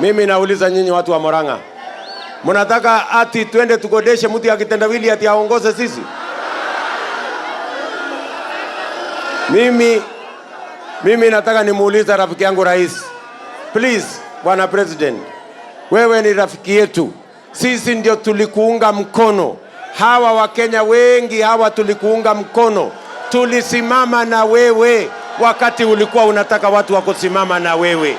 Mimi nauliza nyinyi watu wa Murang'a, mnataka ati twende tukodeshe mtu ya kitendawili ati aongoze sisi? Mimi, mimi nataka nimuuliza rafiki yangu rais, please bwana president, wewe ni rafiki yetu, sisi ndio tulikuunga mkono. Hawa wakenya wengi hawa tulikuunga mkono, tulisimama na wewe wakati ulikuwa unataka watu wakusimama na wewe.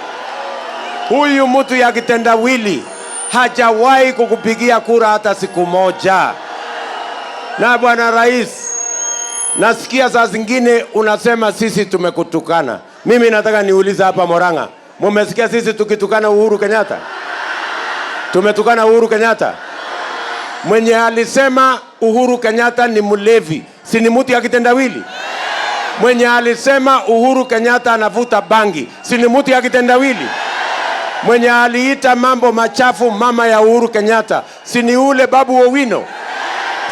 Huyu mtu ya kitendawili hajawahi kukupigia kura hata siku moja. Na bwana rais, nasikia saa zingine unasema sisi tumekutukana. Mimi nataka niulize hapa morang'a mumesikia sisi tukitukana Uhuru Kenyatta? Tumetukana Uhuru Kenyatta? Mwenye alisema Uhuru Kenyatta ni mlevi, si ni mtu ya kitendawili? Mwenye alisema Uhuru Kenyatta anavuta bangi, si ni mtu ya kitendawili? mwenye aliita mambo machafu mama ya Uhuru Kenyatta, si ni ule Babu Owino?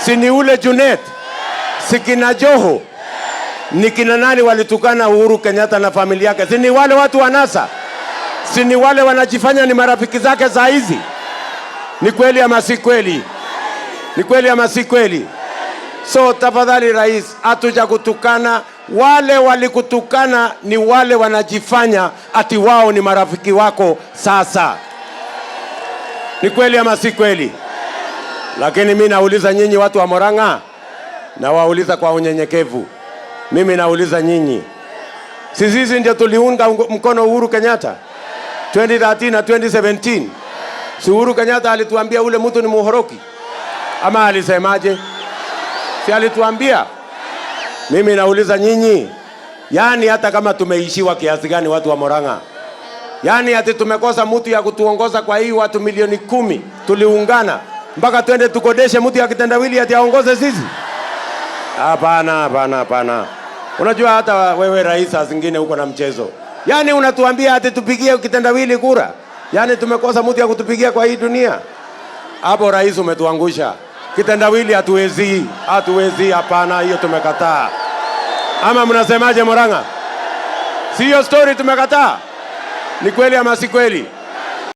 Si ni ule Junet? Si kina Joho? Ni kina nani walitukana Uhuru Kenyatta na familia yake? Si ni wale watu wa NASA? Si ni wale wanajifanya ni marafiki zake saa hizi? Ni kweli ama si kweli? Ni kweli ama si kweli? So tafadhali rais, hatujakutukana. Wale walikutukana ni wale wanajifanya ati wao ni marafiki wako. Sasa ni kweli ama si kweli? Lakini mi nauliza nyinyi watu wa Murang'a, nawauliza kwa unyenyekevu, mimi nauliza nyinyi, si sisi ndio tuliunga mkono Uhuru Kenyatta 2013 na 2017? Si Uhuru Kenyatta alituambia ule mtu ni muhoroki, ama alisemaje? si alituambia? Mimi nauliza nyinyi, yaani hata kama tumeishiwa kiasi gani watu wa Murang'a, yaani hati tumekosa mtu ya kutuongoza kwa hii watu milioni kumi tuliungana mpaka twende tukodeshe mtu ya kitendawili ati aongoze sisi? Hapana, hapana, hapana. Unajua hata wewe rais zingine huko na mchezo, yaani unatuambia hati tupigie kitendawili kura, yaani tumekosa mtu ya kutupigia kwa hii dunia. Hapo rais, umetuangusha kitendawili hatuwezi, hatuwezi. Hapana, hiyo tumekataa. Ama mnasemaje, Murang'a? hiyo story tumekataa. Ni kweli ama si kweli?